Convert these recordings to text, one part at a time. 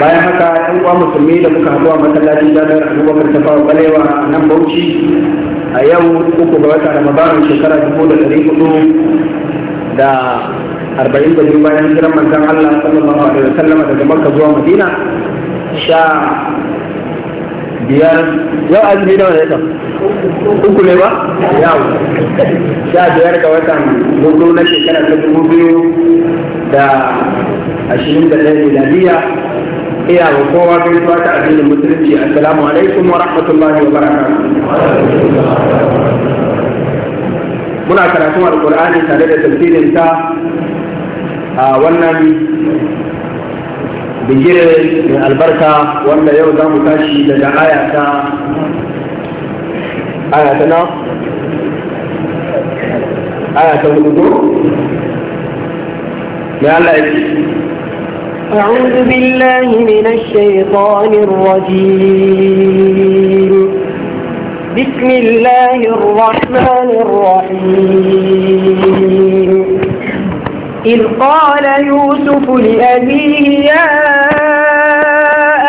bayan haka yan uwa musulmi da muka haɗu a masallacin jami'ar abubakar ta fawa balewa a nan bauchi a yau uku ga wata ramadanin shekara dubu da ɗari hudu da arba'in da biyu bayan jiran manzan allah sallallahu alaihi sallama daga makka zuwa madina sha biyar yau azumi nawa da kan uku ne ba yau sha biyar ga watan hudu na shekara ta dubu biyu da ashirin da ɗaya miladiya iya wa kowa gaisuwa ta addinin musulunci assalamu alaikum wa rahmatullahi wa barakatuh muna karatun alqur'ani tare da tafsirin ta a wannan bigire mai albarka wanda yau za mu tashi daga aya ta aya ta na aya ta hudu mai Allah ya ce. أعوذ بالله من الشيطان الرجيم بسم الله الرحمن الرحيم إذ قال يوسف لأبيه يا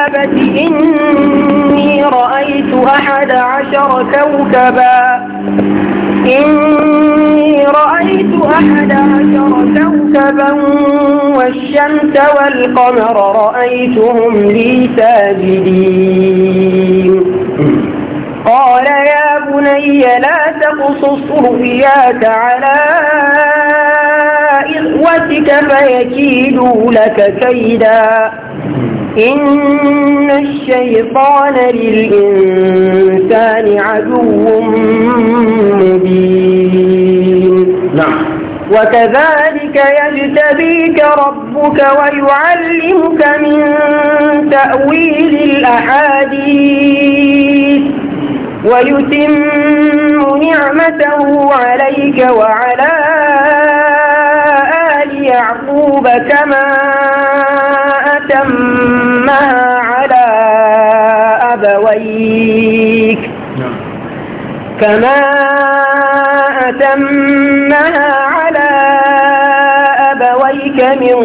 أبت إني رأيت أحد عشر كوكبا إني رأيت أحد عشر كوكبا والشمس والقمر رأيتهم لي ساجدين قال يا بني لا تقصص رؤياك على إخوتك فيكيدوا لك كيدا إن الشيطان للإنسان عدو مبين وكذلك يجتبيك ربك ويعلمك من تأويل الأحاديث ويتم نعمته عليك وعلى آل يعقوب كما أتمها على أبويك نعم. كما أتم من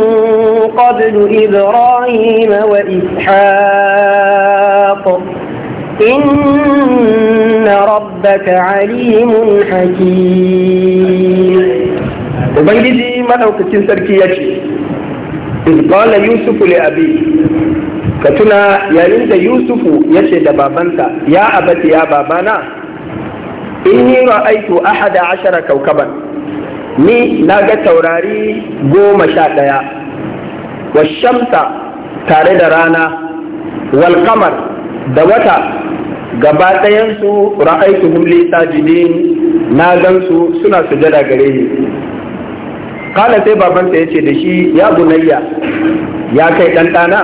قبل إبراهيم وإسحاق إن ربك عليم حكيم وبنجي ما لو كتنسركي يجي إذ قال يوسف لأبيه كتنا يا لنت يوسف يشهد بابنك يا أبتي يا بابانا إني رأيت أحد عشر كوكباً ni na ga taurari goma sha ɗaya wa shamsa tare da rana wal kamar da wata gaba ɗayansu ra'aitu humli sajidin na gansu suna sujada gare ni kala sai babansa ya ce da shi ya gunayya ya kai ɗanɗana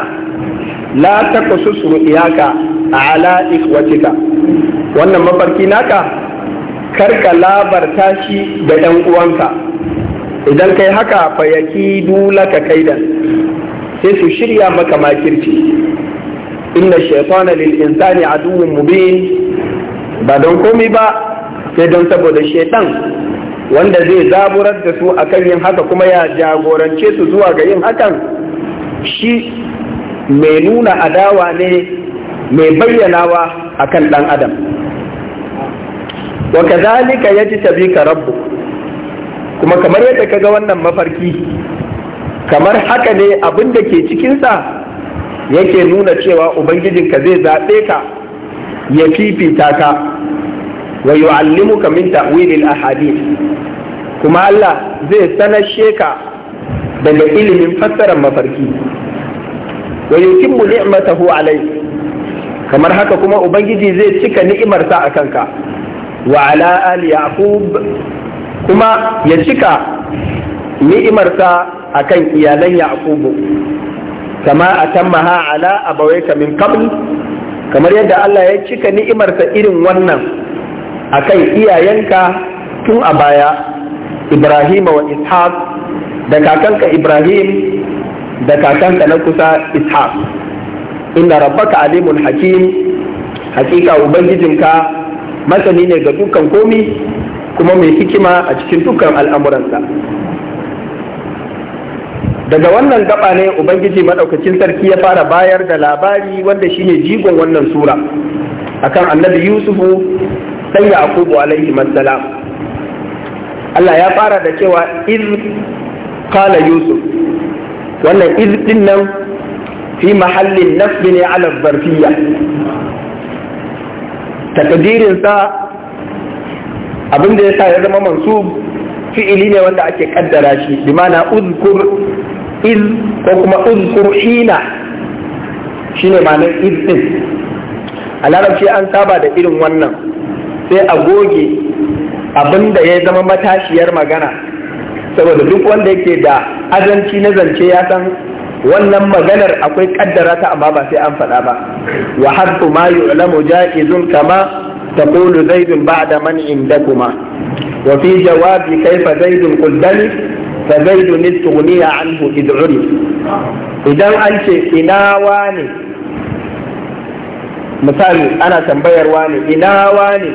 la taku susu iyaka ala ikwatika wannan mafarki naka karka labarta shi da ɗan uwanka idan kai haka fa yaki dulaka kaidan sai su shirya maka makirci inna shaitana lil insani aduwwun mubin ba don komai ba sai don saboda shaitan wanda zai zaburar da su akan yin haka kuma ya jagorance su zuwa ga yin hakan shi mai nuna adawa ne mai bayyanawa akan ɗan adam wa kadhalika ka rabbuk kuma kamar yadda kaga wannan mafarki kamar haka ne abin da ke cikinsa yake nuna cewa ka zai zaɓe ka ya fifita ka wa yu'allimuka min ta'wilil ahadith kuma Allah zai sanashe ka daga ilimin fassarar mafarki wa yutimmu ni'matahu alai? kamar haka kuma ubangiji zai cika ni'imarsa a kanka wa ala ali kuma ya cika ni'imarsa akan iyalan Yakubu. kama atammaha ala abawayka min qabl kamar yadda Allah ya cika ni'imarsa irin wannan akan iyayenka tun a baya Ibrahim wa Ishaq da kakanka Ibrahim da kakanka na kusa Ishaq inna rabbaka alimul hakim hakika ubangijinka masani ne ga dukkan komi kuma mai hikima a cikin dukkan al'amuransa daga wannan gaba ne ubangiji maɗaukacin sarki ya fara bayar da labari wanda shine jigon wannan sura akan annabi yusufu ya akubu alaihi salam Allah ya fara da cewa iz kala yusuf wannan iz din nan fi mahallin nasb ne ala takadirinsa abinda da ya sa ya zama mansu fi'ili ne wanda ake kaddara shi bi mana uzkur iz ko kuma uzkur hina shine ma'anar iz din a larabci an saba da irin wannan sai a goge abinda ya zama matashiyar magana saboda duk wanda yake da azanci na zance ya san wannan maganar akwai kaddara ta amma ba sai an faɗa ba wa hadu ma yu'lamu ja'izun kama taqulu zaidun da man indakuma wa fi jawabi kayfa zaidun qaddani fa zaidun istughniya anhu id'uni idan an ce ina wane misali ana tambayar wane ina wane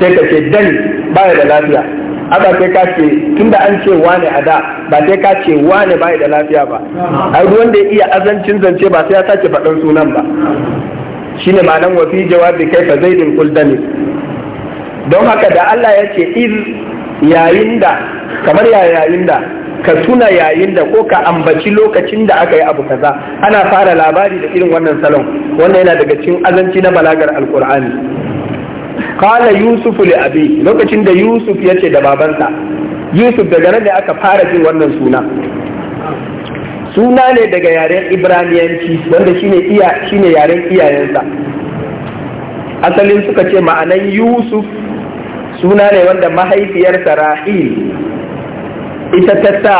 sai ka ce dan baya da lafiya haka sai ka ce tunda an ce wane a da ba sai ka ce wane bai da lafiya ba ai wanda ya iya azancin zance ba sai ya sake faɗan sunan ba shine malam wa fi jawabi kai fa zaidin kuldani don haka da Allah ya ce iz yayin da kamar yayin da ka tuna yayin da ko ka ambaci lokacin da aka yi abu kaza ana fara labari da irin wannan salon wannan yana daga cikin azanci na balagar alkur'ani Kala yusuf li abi lokacin da yusuf ya ce da babansa yusuf daga nan da aka fara jin wannan suna suna ne daga yaren ibraniyanci wanda shine iya yaren iyayensa asalin suka ce ma'anan yusuf suna ne wanda mahaifiyar rahil ita ta sa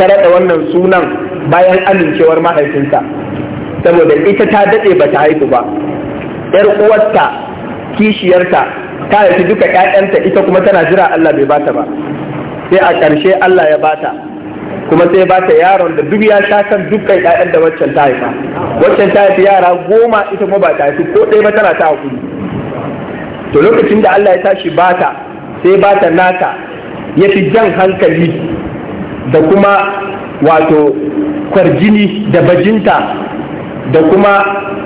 ta rada wannan sunan bayan amincewar mahaifinsa saboda ita ta dade ba ta haihu ba ‘yar uwarta kishiyarta ta haifi duka ƴaƴanta ita kuma tana jira Allah bai bata ba sai a ƙarshe Allah ya bata kuma sai bata yaron da duk ya sha kan dukkan ƴaƴan da waccan ta haifa waccan ta haifi yara goma ita kuma ba ta haifi ko ɗaya ba tana ta hakuri to lokacin da Allah ya tashi bata sai bata naka ya fi jan hankali da kuma wato kwarjini da bajinta da kuma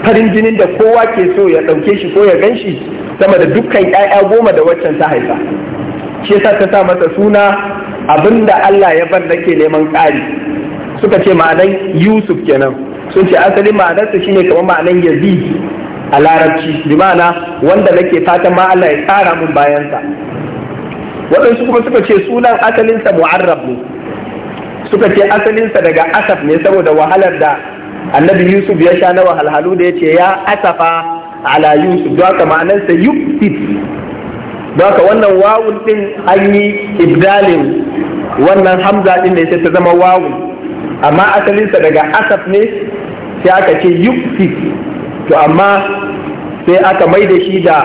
farin jinin da kowa ke so ya ɗauke shi ko ya gan shi sama da dukkan ƴaƴa goma da waccan ta haifa shi yasa ta sa masa suna abinda Allah ya bar nake neman ƙari suka ce ma'anan Yusuf kenan sun ce asali ma'anarsa shine kamar ma'anan Yazid a larabci bi ma'ana wanda nake fatan ma Allah ya tsara min bayansa waɗansu kuma suka ce sunan asalinsa mu'arrab ne suka ce asalinsa daga asaf ne saboda wahalar da annabi yusuf ya sha nawa wahalhalu da ya ce ya asafa ala yusuf don haka ma'anarsa yusuf don haka wannan wawun din an yi ibdalin wannan hamza din ne ya ta zama wawun amma asalinsa daga asaf ne sai aka ce yusuf to amma sai aka mai da shi da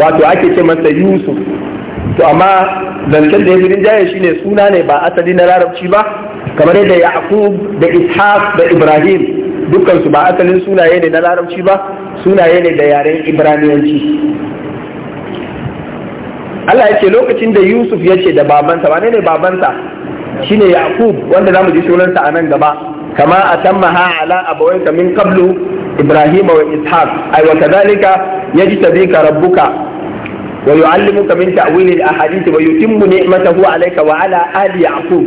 wato ake ce masa yusuf to amma zancen da ya zirin jaya ne suna ne ba asali na larabci ba kamar yadda yaqub da ishaq da ibrahim dukkan su ba asalin sunaye ne na larabci ba sunaye ne da yaren ibraniyanci Allah ya ce lokacin da Yusuf ya ce da babansa wane ne babansa shine Yaqub wanda zamu ji sunansa a nan gaba kama atammaha ala abawayka min qablu Ibrahim wa Ishaq ay wa kadhalika yajtabika rabbuka ويعلمك من تأويل الأحاديث ويتم نعمته عليك وعلى Ali يعقوب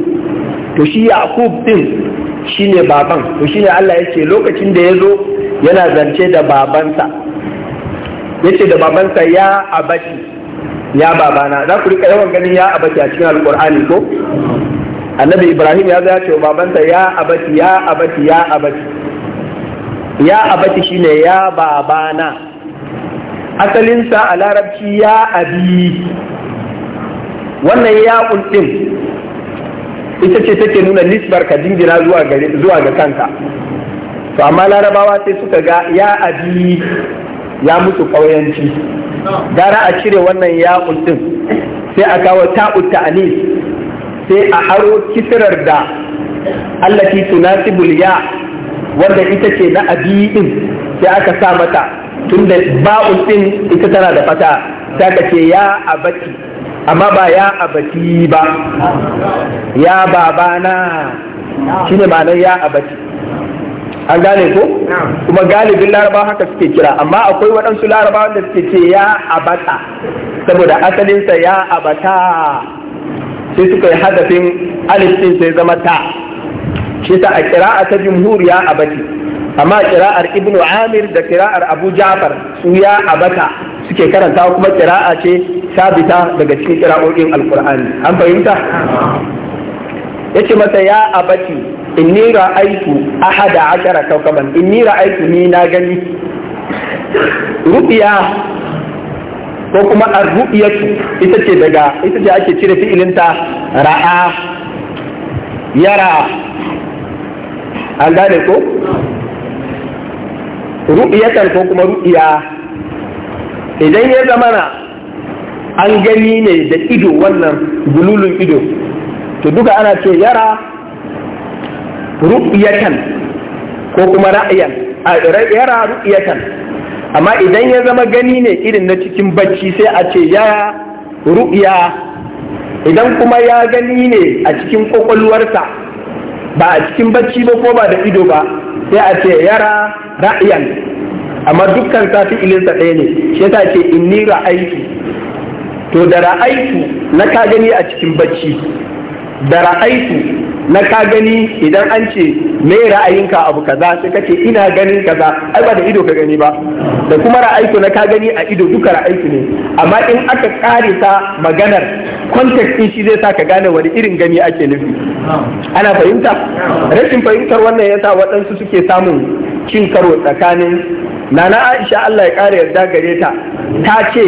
to shi yaqub din shine baban to shine Allah yace lokacin da yazo yana zance da babansa yace da babansa ya abati ya babana za ku rika yawan ganin ya abati a cikin alqur'ani ko annabi ibrahim ya zace babansa ya abati ya abati ya abati ya abati shine ya babana asalinsa a larabci ya abi wannan ya din ita ce take nuna nisbar ka jingina zuwa ga kanka to amma larabawa sai suka ga ya abi ya mutu ƙauyanci gara a cire wannan ya din sai a kawo ta'ut ta'anis sai a aro kisirar da allati tunasibul ya wanda ita ce na abi din sai aka sa mata tunda ba'u din ita tana da fata sai ka ce ya abati amma ba ya abati ba ya babana shine ma'anar ya abati an gane ko kuma galibin laraba haka suke kira amma akwai waɗansu laraba da suke ce ya abata saboda asalinsa ya abata sai suka yi hadafin alifin sai zama ta shi ta a kira'a ta jumhur ya abati amma kira'ar ibnu amir da kira'ar abu ja'far su ya abata suke karanta kuma kira'a ce sabita daga cikin kira'o'in alkur'ani an fahimta ce masa ya abati inni ra'aitu ahada ashara in inni ra'aitu ni na gani rubiya ko kuma a ruyatu ita ce daga ita ce ake cire fi'ilinta ra'a yara an gane ko ru'yatan ko kuma rubiya idan ya zama na an gani ne da ido wannan gululun ido to duka ana ce yara ru'yatan ko kuma ra'ayan yara ru'yatan amma idan ya zama gani ne irin na cikin bacci sai a ce yara ru'ya idan kuma ya gani ne a cikin kwakwalwarsa ba a cikin bacci ba ko ba da ido ba sai a ce yara ra'ayan amma dukkan sa ɗaya ne shi yasa ce ni ra'aitu to da ra'aitu na ka gani a cikin bacci da ra'aitu na ka gani idan an ce me ra'ayinka abu kaza sai kace ina ganin kaza ai ba da ido ka gani ba da kuma ra'aitu na ka gani a ido duka ra'aitu ne amma in aka kare ta maganar context din shi zai sa ka gane wani irin gani ake nufi ana fahimta rashin fahimtar wannan yasa waɗansu suke samun cin karo tsakanin nana aisha Allah ya ƙara yarda gare ta ta ce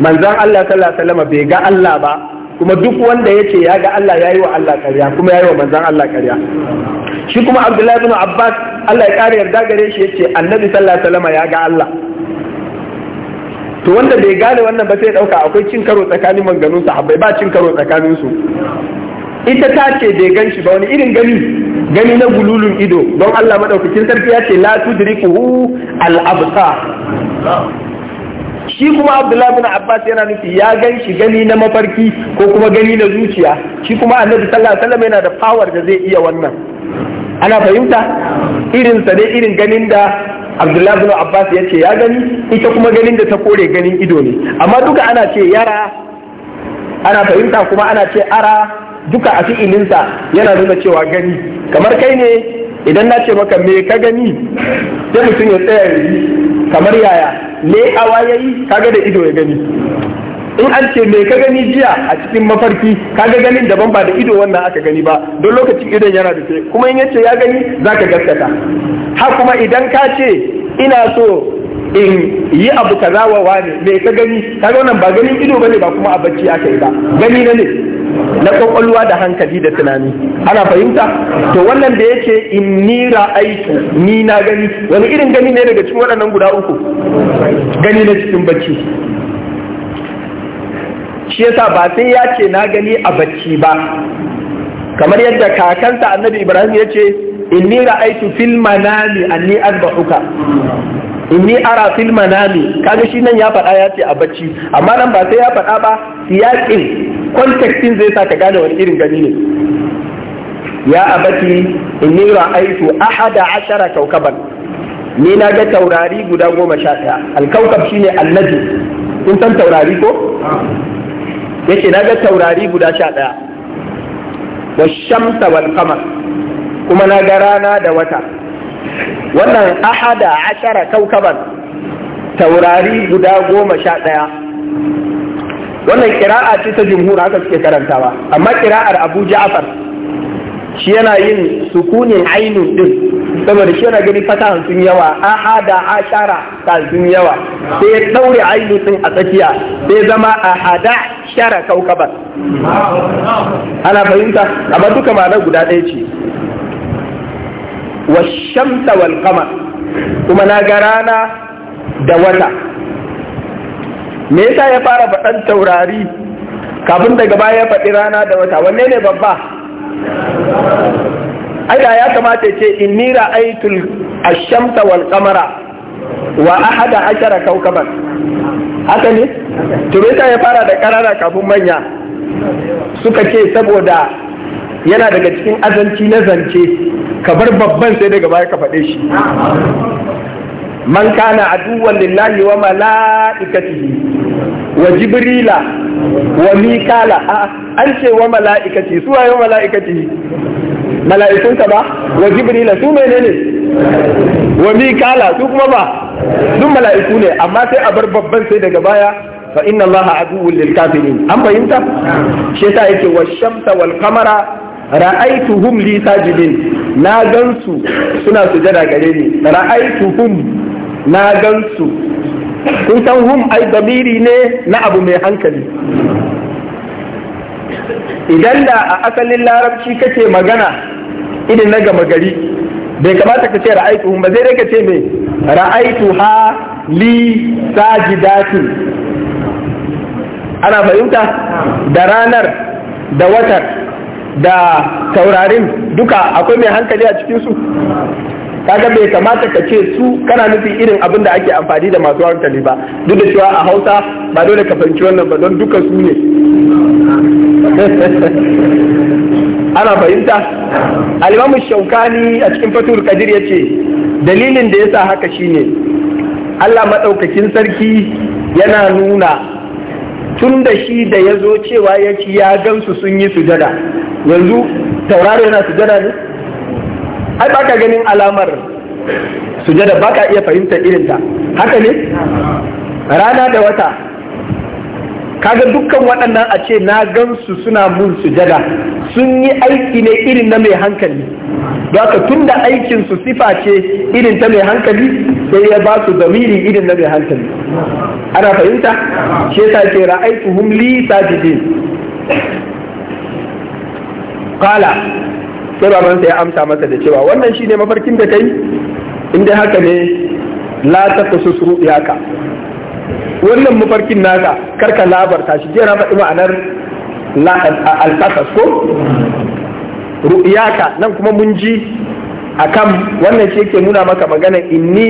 manzon Allah sallallahu alaihi wasallam bai ga Allah ba kuma duk wanda ya ce ya ga Allah ya yi wa Allah karya kuma ya yi wa manzan Allah karya. shi kuma Abdullahi bin Abbas Allah ya ƙara yarda gare shi ya ce annabi sallallahu alaihi wasallam ya ga Allah to wanda bai gane wannan ba sai dauka ɗauka akwai cin karo tsakanin manganun sahabbai ba cin karo tsakanin su ita ta ce bai gan shi ba wani irin gani gani na gululun ido don Allah madaukakin sarki ya ce la tudrikuhu al absa shi kuma Abdullahi bin Abbas yana nufi ya gan shi gani na mafarki ko kuma gani na zuciya shi kuma Annabi sallallahu alaihi wasallam yana da power da zai iya wannan ana fahimta irin sa ne irin ganin da Abdullahi bin Abbas ya ce ya gani ita kuma ganin da ta kore ganin ido ne amma duka ana ce yara ana fahimta kuma ana ce ara duka a fi'ilinsa yana nuna cewa gani kamar kai ne idan na ce maka me ka gani sai mutum ya tsaya yi kamar yaya me awa yi kaga da ido ya gani in an ce me ka gani jiya a cikin mafarki kaga ganin daban ba da ido wannan aka gani ba don lokacin idon yana da kuma in yace ya gani zaka gaskata ha kuma idan ka ce ina so in yi abu kaza wa wane me ka gani kaga wannan ba ganin ido ne ba kuma a bacci aka yi ba gani na ne na kwakwalwa da hankali da tunani ana fahimta to wannan da yake inni ra'aitu ni na gani wani irin gani ne daga cikin waɗannan guda uku gani na cikin bacci shi yasa ba sai ya ce na gani a bacci ba kamar yadda kakansa annabi ibrahim ya ce inni ra'aitu fil manami anni azbahuka inni ara fil manami kaga shi nan ya faɗa ya ce a bacci amma nan ba sai ya faɗa ba siyaƙin kontekstin zai sa ka gane wani irin gani ne ya abati inni ra'aitu ahada ashara kaukaban ni na ga taurari guda goma sha ɗaya alkaukab shine annabi kun san taurari ko ce na ga taurari guda sha ɗaya wa shamsa wal kamar kuma na ga rana da wata wannan ahada ashara kaukaban taurari guda goma sha ɗaya wannan kira'a ce ta jimhur haka suke karantawa amma ƙira'ar abu ja'far shi yana yin sukunin ainihin ɗin, saboda shi yana gani fata sun yawa ahada ashara ta sun yawa sai ya daure ainihin a tsakiya sai zama ahada shara kaukaban ana fahimta amma duka ma'anar guda ɗaya ce wal kama kuma na ga rana da wata me yasa ya fara faɗan taurari kafin daga baya ya faɗi rana da wata wanne ne babba aida ya kamata ce in nira aitul shamsa wal kamara wa ahada ashara kaukaban haka ne to me yasa ya fara da karara kafin manya suka ce saboda yana daga cikin azanci na zance ka bar babban sai daga baya ka faɗe shi man kana aduwan lillahi wa mala'ikatihi wa jibrila wa mikala a an ce wa mala'ikati su waye mala'ikati mala'ikunka ba wa jibrila su menene wa mikala su kuma ba duk mala'iku ne amma sai a bar babban sai daga baya fa inna allaha aduwwul lil kafirin an fahimta shi yake wa shamsa wal qamara ra'aituhum li sajidin na gansu suna sujada gare ni ra'aituhum na gansu kun san hum ai damiri ne na abu mai hankali idan da a asalin larabci kake magana idan na gama gari bai kamata ka ce ra'aituhum ba zai ka ce me ra'aituha li sajidatin ana fahimta da ranar da watar da taurarin duka akwai mai hankali a cikinsu kaga bai kamata ka ce su kana nufi irin abin da ake amfani da masu hankali ba duk da cewa a hausa ba dole ka fahimci wannan ba don duka su ne ana fahimta alimamu shaukani a cikin fatul kadir ya ce dalilin da ya sa haka shine allah maɗaukakin sarki yana nuna tun da shi da ya zo cewa ya ci ya gansu sun yi sujada yanzu tauraro yana sujada ne ai ba ka ganin alamar sujada ba ka iya fahimtar irinta haka ne rana da wata kaga dukkan waɗannan a ce na gansu suna mun sujada sun yi aiki ne irin na mai hankali don tun da aikinsu sifa ce irin ta mai hankali sai ya ba su zamiri irin na mai hankali ana fahimta shi yasa ke ra'aituhum li sajidin qala sai babansa ya amsa masa da cewa wannan shine mafarkin da kai inda haka ne la ta kusu yaka. wannan mafarkin naka karka labarta shi jera faɗi ma'anar al ko ru'yaka nan kuma mun ji akan wannan shi yake nuna maka magana inni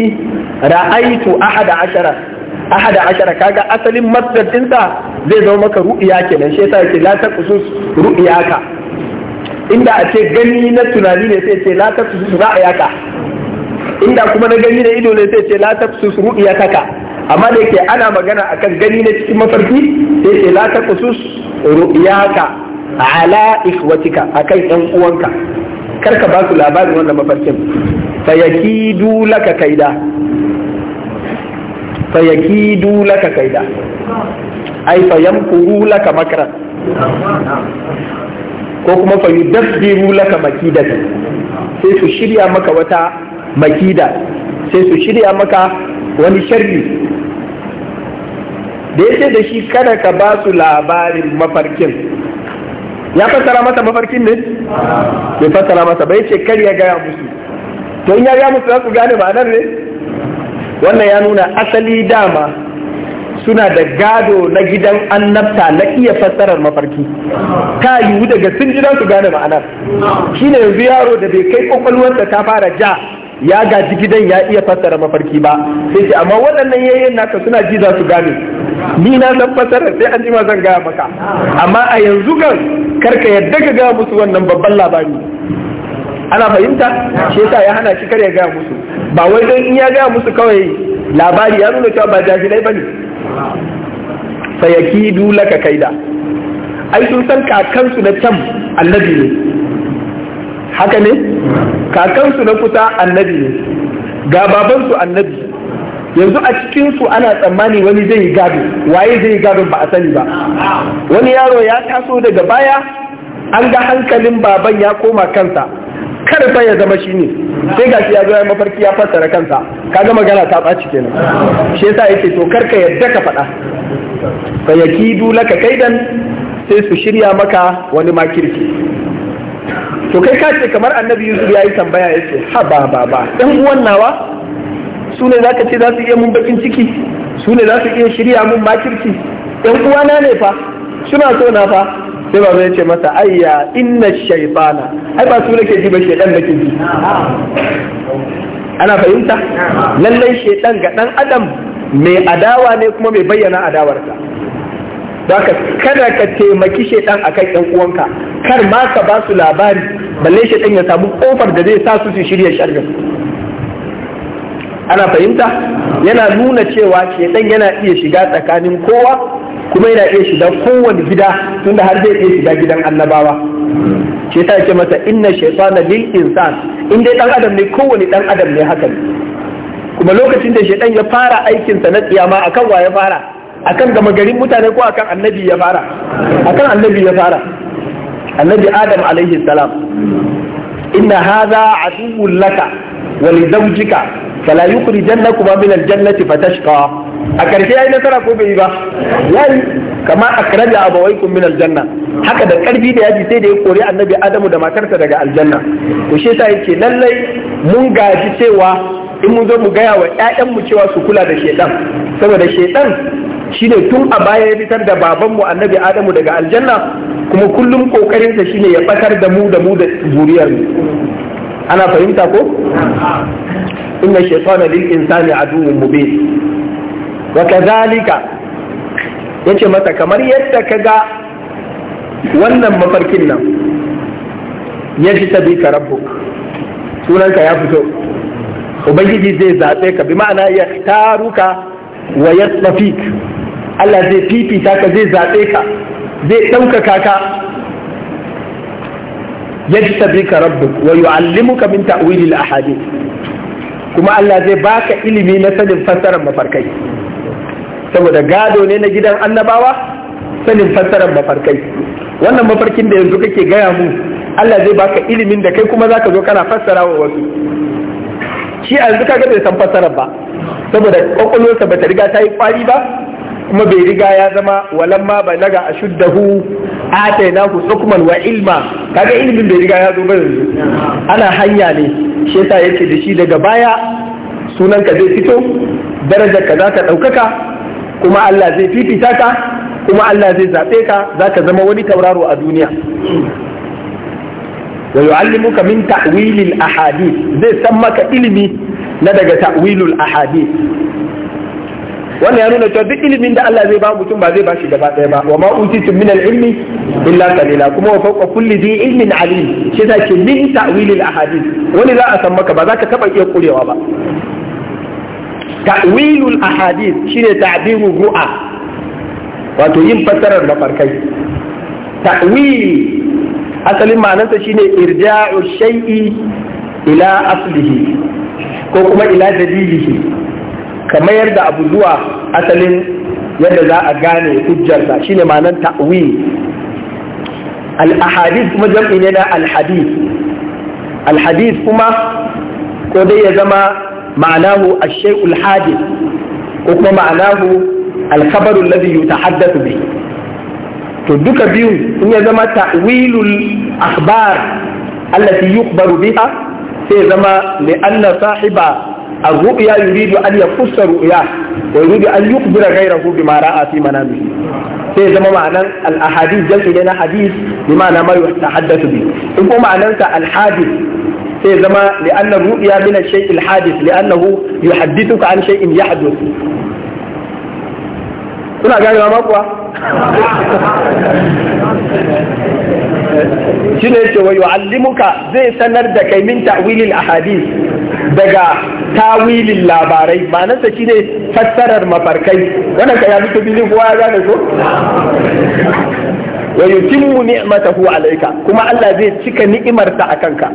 ra'aitu ahada ashara ahada ashara kaga asalin masdar dinsa zai zama maka ru'iya kenan shi yasa yake la taqsus ru'yaka inda a ce gani na tunani ne sai ce la taqsus ra'yaka inda kuma na gani na ido ne sai ce la taqsus ru'yaka amma da yake ana magana akan gani na cikin mafarki sai ce la taqsus ru'yaka ala ikhwatika akan yan uwanka kar ka ba su labarin wannan mafarkin fayakidu laka kaida fayakidu laka kaida ai fayamkuru laka makran ko kuma fayudabbiru laka makida sai su shirya maka wata makida sai su shirya maka wani sharri da yake da shi kada ka ba su labarin mafarkin ya fassara masa mafarkin ne Ya fassara masa bai ce kar ya gaya musu to in ya gaya musu za su gane ma'anar ne wannan ya nuna asali dama suna da gado na gidan annabta na iya fassarar mafarki ta yiwu daga sun ji su gane ma'anar shine yanzu yaro da bai kai kwakwalwarsa ta fara ja ya gaji gidan ya iya fassara mafarki ba sai ce amma waɗannan yayin naka suna ji za su gane ni na tabbatar sai an jima zan gaya maka amma a yanzu kan karka yadda ka gaya musu wannan babban labari ana fahimta shi yasa ya hana shi kar ya gaya musu ba wai dan in ya gaya musu kawai labari ya nuna cewa ba jahilai bane sayakidu dulaka kaida ai sun san kakansu na can annabi ne haka ne kakansu na kusa annabi ne ga babansu annabi yanzu a cikin su ana tsammani wani zai yi gado waye zai gado ba a sani ba wani yaro ya taso daga baya an ga hankalin baban ya koma kansa kar fa ya zama shine sai gashi ya zo ya mafarki ya fassara kansa kaga magana ta ɓaci kenan shi yasa yake to kar ka yadda ka faɗa fa yakidu laka kaidan sai su shirya maka wani makirki to kai ka ce kamar annabi yusuf ya yi tambaya yace ha ba ba ba ɗan uwan nawa su ne za ka ce za su iya mun bakin ciki su ne za su iya shirya mun makirci yan uwana ne fa suna so na fa sai baba ya ce masa ayya inna shaytana ai ba su nake ji ba shedan nake ji ana fahimta lallai shedan ga ɗan adam mai adawa ne kuma mai bayyana adawarsa Daka kada ka taimaki a akan yan uwanka kar ma ka ba su labari balle ɗin ya samu ƙofar da zai sa su su shirya sharrin ana fahimta yana nuna cewa shedan yana iya shiga tsakanin kowa kuma yana iya shiga kowane gida tunda har zai iya shiga gidan annabawa shi ta ce masa inna shaytana lil insan in dai dan adam ne kowane dan adam ne haka kuma lokacin da shedan ya fara aikinsa na tsiyama akan wa ya fara akan gama garin mutane ko akan annabi ya fara akan annabi ya fara annabi adam alaihi salam inna hadha aduwwun laka wa li zawjika fala yukhrijannakum min ta fatashqa a karshe yayi nasara ko bai yi ba yayi kama akraja abawaykum min aljanna haka da karfi da yaji sai da ya kori annabi adamu da matarsa daga aljanna to shi yasa yake lallai mun gaji cewa in mun zo mu gaya wa ƴaƴan mu cewa su kula da shedan saboda shedan shine tun a baya ya fitar da babanmu annabi adamu daga aljanna kuma kullum kokarinsa shine ya fatar da mu da mu da zuriyar ana fahimta ko inna shaytana lil insani aduwwun mubin wa kadhalika yace mata kamar yadda ka ga wannan mafarkin nan ya ta bi ka rabbuk sunanka ya fito ubangiji zai zaɓe ka bi ma'ana ya taruka wa ya tsafik Allah zai fifita ka zai zaɓe ka zai ɗaukaka ka ya ta bi ka rabbu wa yu'allimuka min ta'wilil ahadith kuma Allah zai baka ilimi na sanin fassarar mafarkai saboda gado ne na gidan annabawa sanin fassarar mafarkai wannan mafarkin da yanzu kake gaya mu Allah zai baka ilimin da kai kuma zaka zo kana fassara wa wasu shi a yanzu kaga bai san fassarar ba saboda kokolonsa bata riga ta yi kwari ba kuma bai riga ya zama walamma balaga ashuddahu atainahu hukman wa ilma kaga ilimin da riga ya zo ba yanzu ana hanya ne shi yasa yake da shi daga baya sunanka zai fito darajar ka zaka ɗaukaka kuma Allah zai fifita ka kuma Allah zai zaɓe ka zaka zama wani tauraro a duniya wa yu'allimuka min ta'wilil ahadith zai san maka ilimi na daga ta'wilul ahadith wannan ya nuna cewa duk ilimin da Allah zai ba mutum ba zai ba shi gaba ɗaya ba wa ma utitum min al-ilmi illa qalila kuma wa fawqa kulli dhi ilmin alim shi yasa ke min ta'wilil ahadith wani za a san maka ba za ka taba iya kurewa ba ta'wilul ahadith shine ta'biru ru'a wato yin fassarar mafarkai ta'wil asalin ma'anarsa shine irja'u shay'i ila aslihi ko kuma ila dalilihi ka mayar da abu zuwa asalin yadda za a gane hujjarsa shine ma'anar ta'wil al-ahadith kuma jam'i ne na al-hadith al-hadith kuma ko dai ya zama ma'anahu ash-shay'ul hadith ko kuma ma'anahu al-khabaru alladhi yutahaddathu bi to duka biyu in ya zama ta'wilul akhbar allati yukhbaru biha sai zama li anna sahiba الرؤيا يريد أن يقص الرؤيا ويريد أن يخبر غيره بما رأى في منامه في معنى الأحاديث جلت لنا حديث بمعنى ما يتحدث به إنه معنى الحادث في زمان لأن الرؤيا من الشيء الحادث لأنه يحدثك عن شيء يحدث كنا قال ما مقوى شنو يعلمك زي سنردك من تأويل الأحاديث دقاء tawilin labarai ma'anarsa ne fassarar mafarkai wannan ka yafi fito kowa ya gane so wa yutimmu ni'matahu alayka kuma Allah zai cika ni'imarsa akan ka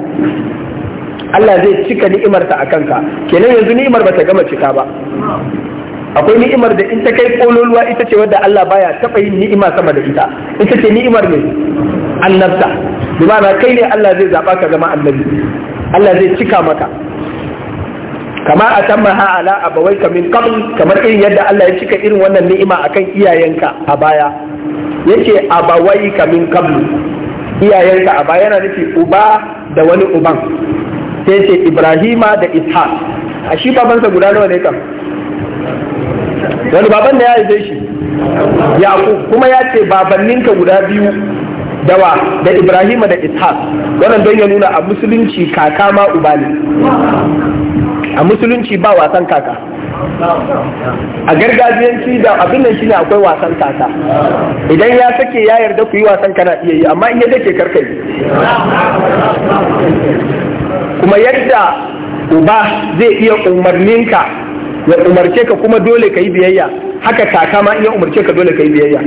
Allah zai cika ni'imarsa akan ka kenan yanzu ni'imar ba ta gama cika ba akwai ni'imar da in ta kai kololuwa ita ce wadda Allah baya taɓa yin ni'ima sama da ita ita ce ni'imar ne annabta bi ma'ana kai ne Allah zai zaɓa ka zama annabi Allah zai cika maka kama maha ala ka min qabl kamar irin yadda Allah ya cika irin wannan ni'ima a kan iyayenka a baya yace ka min qabl iyayenka a baya yana nufi uba da wani uban sai ce Ibrahima da Ishaq a shi babansa guda nawa ne kam wani baban da ya zai shi ya kuma ya ce babanninka guda biyu dawa da Ibrahim da ishaq wannan don ya nuna a musulunci kaka ma uba ne a musulunci ba wasan kaka a gargajiyanci da abin nan shine akwai wasan kaka idan ya sake ya yarda ku yi wasan kana iya yi amma in ya dake karkai kuma yadda uba zai iya umarninka ya umarce ka kuma dole ka yi biyayya haka kaka ma iya umarce ka dole ka yi biyayya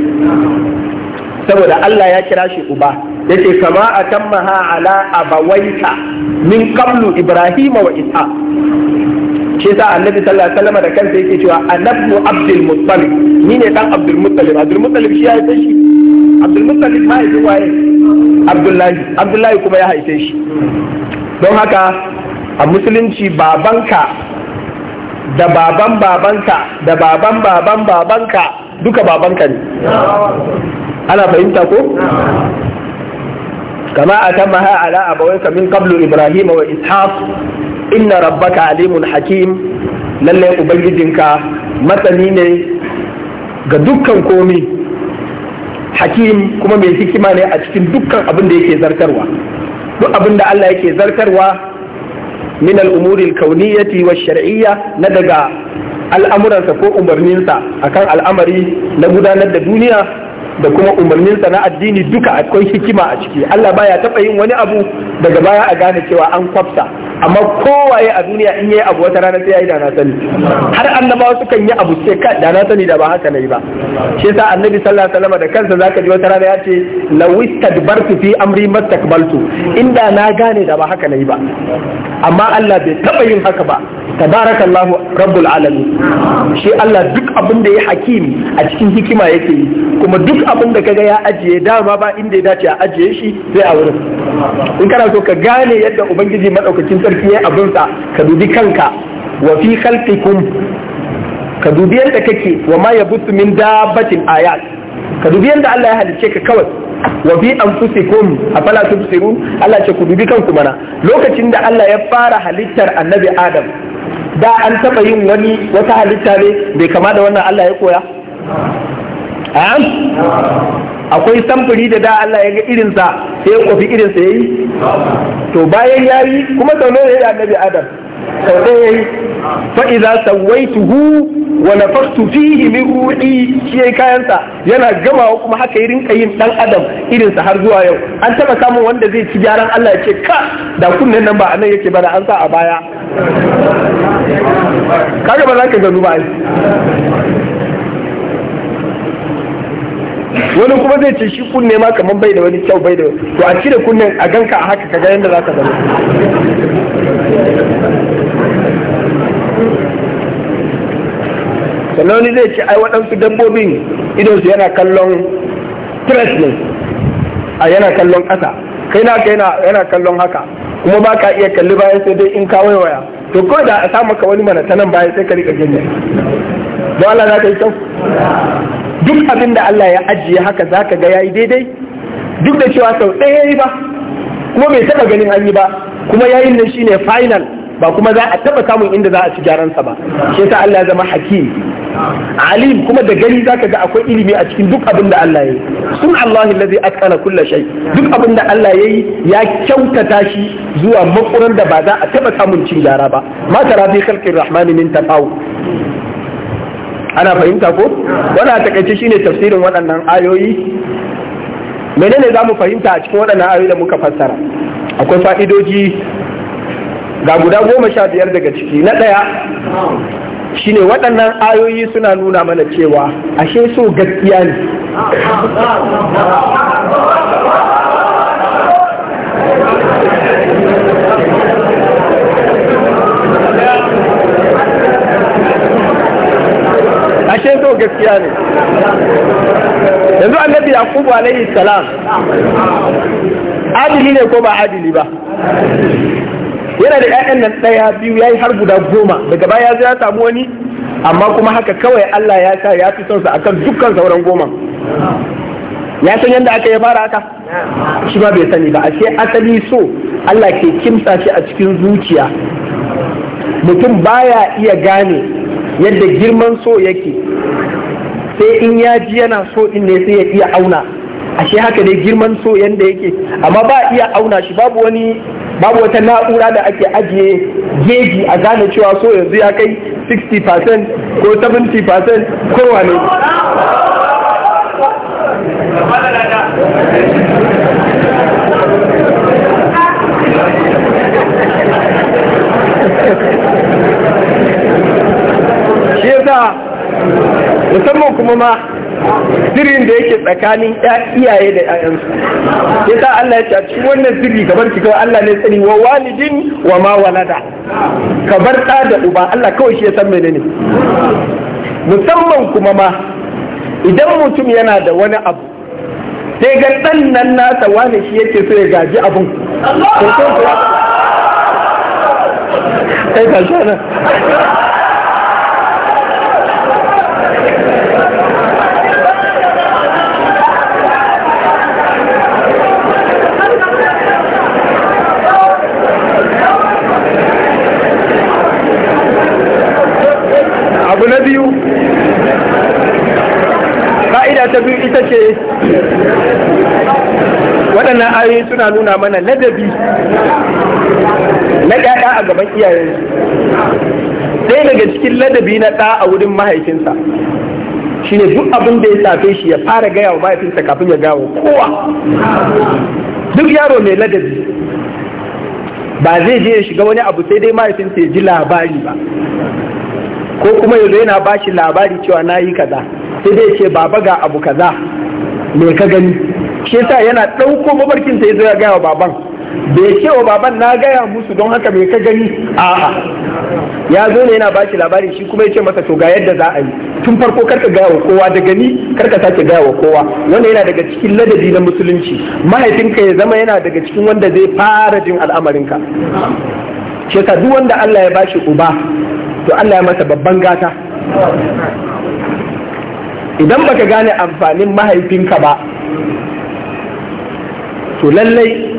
saboda Allah ya kira shi uba yace kama atammaha ala abawaita min qablu ibrahim wa isa shi yasa annabi sallallahu alaihi wasallam da kansa yake cewa anabnu abdul muttalib ni ne dan abdul muttalib abdul muttalib shi ya haife shi abdul muttalib ma haifi waye abdullahi abdullahi kuma ya haife shi don haka a musulunci babanka da baban babanka da baban baban babanka duka babanka ne ana fahimta ko kama atamaha ala abawayka min qablu ibrahim wa ishaq inna rabbaka alimun hakim lalle ubangijinka matsani ne ga dukkan komi hakim kuma mai hikima ne a cikin dukkan abin da yake zartarwa duk abin da Allah yake zartarwa min al'umuri kauniyati wa shar'iyya na daga al'amuransa ko umarninsa akan al'amari na gudanar da duniya da kuma umarninsa na addini duka akwai hikima a ciki Allah baya taɓa yin wani abu daga baya a gane cewa an kwafta amma kowaye a duniya in yayi abu wata rana sai yayi da na sani har annabawa sukan yi abu sai ka da na sani da ba haka nayi ba shi yasa annabi sallallahu alaihi wasallam da kansa zaka ji wata rana ya ce lawistadbartu fi amri mastakbaltu inda na gane da ba haka nayi ba amma Allah bai taɓa yin haka ba tabarakallahu rabbul alamin shi Allah duk abin da ya hakimi a cikin hikima yake yi kuma duk duk abin da kaga ya ajiye dama ba inda ya dace a ajiye shi sai a wurin in kana so ka gane yadda ubangiji madaukakin sarki ya sa ka dubi kanka wa fi khalqikum ka dubi yadda kake wa ma yabutsu min dabbatin ayat ka dubi yadda Allah ya halicce ka kawai wa bi anfusikum afala tubsirun Allah ce ku dubi kanku mana lokacin da Allah ya fara halittar annabi Adam da an taba yin wani wata halitta ne bai kama da wannan Allah ya koya akwai samfuri da da Allah ya ga irinsa sai ya kofi irinsa ya yi to bayan ya yi kuma sau ne ya annabi adam sau ɗaya ya yi fa'iza sawaituhu wa fasu fihi ruɗi shi yi kayansa yana gamawa kuma haka yi rinka yin ɗan adam irinsa har zuwa yau an taɓa samun wanda zai ci gyaran Allah ya ce ka da kunnen nan ba nan yake bana an sa a baya kaga ba za ka gano ba wani kuma zai ce shi kunne ma kamar bai da wani kyau bai da to a cire kunnen a ganka a haka kaga yadda zaka zama sannan wani zai ce ai waɗansu dabbobin idonsu yana kallon treatment a yana kallon ƙasa kai na kai yana kallon haka kuma ba ka iya kalli bayan sai dai in ka waiwaya to ko da a sa ka wani mana ta nan bayan sai ka rika ganye don Allah za ka yi kyau duk abin da Allah ya ajiye haka za ka ga ya yi daidai duk da cewa sau ɗaya ya yi ba kuma bai taɓa ganin an yi ba kuma yayin nan shine final ba kuma za a taɓa samun inda za a ci gyaransa ba shi yasa Allah ya zama hakim alim kuma da gani zaka ga akwai ilimi a cikin duk abin da Allah ya yi sun Allahi lazi atkana kulla shay duk abin da Allah ya yi ya kyautata shi zuwa makuran da ba za a taba samun cin gyara ba ma tara fi khalqir rahmani min tafawu ana fahimta ko wannan takaice shine tafsirin waɗannan ayoyi menene za mu fahimta a cikin waɗannan ayoyi da muka fassara akwai fa'idoji ga guda goma sha biyar daga ciki na ɗaya shine waɗannan ayoyi suna nuna mana cewa ashe so gaskiya ne ashe so gaskiya ne yanzu annabi yaqubu alaihi salam adili ne ko ba adili ba yana da 'ya'yan nan ɗaya biyu yayi har guda goma daga baya ya samu wani amma kuma haka kawai Allah ya sa ya fi sonsa akan dukkan sauran goma ya san yadda aka ya fara haka shi ba bai sani ba ashe asali so Allah ke kimsa shi a cikin zuciya mutum baya iya gane yadda girman so yake sai in ya ji yana so din ne sai ya iya auna ashe haka dai girman so yanda yake amma ba iya auna shi babu wani babu wata na'ura da ake ajiye geji a gane cewa so yanzu ya kai 60% ko 70% kowane yasa musamman kuma ma sirrin da yake tsakanin iyaye da ‘ya'yansu ya Allah ya cikin wannan sirri kamar ki kawai Allah ne tsari wa walidin wa ma walada ka bar da uba Allah kawai shi ya san mene ne musamman kuma ma idan mutum yana da wani abu sai ga ɗan nan nasa wani shi yake so ya gaji abun kai abu na biyu ka'ida ta biyu ita ce waɗannan ayoyi suna nuna mana ladabi na ɗaya a gaban iyayen ɗaya daga cikin ladabi na ɗa a wurin mahaifinsa shi ne duk abin da ya safe shi ya fara gaya wa mahaifinsa kafin ya gawo kowa duk yaro mai ladabi ba zai je ya shiga wani abu sai dai mahaifinsa ya ji labari ba ko kuma yanzu yana ba shi labari cewa na yi kaza sai dai ce baba ga abu kaza me ka gani shi yasa yana ɗauko mafarkin ta ya gaya wa baban bai ce wa baban na gaya musu don haka me ka gani a'a ya zo ne yana ba shi labari shi kuma ya ce masa to ga yadda za a yi tun farko karka gaya wa kowa da gani karka sake gaya wa kowa wanda yana daga cikin ladabi na musulunci mahaifinka ya zama yana daga cikin wanda zai fara jin al'amarinka shi duk wanda Allah ya bashi uba to Allah ya masa babban gata idan baka gane amfanin mahaifinka ba to lallai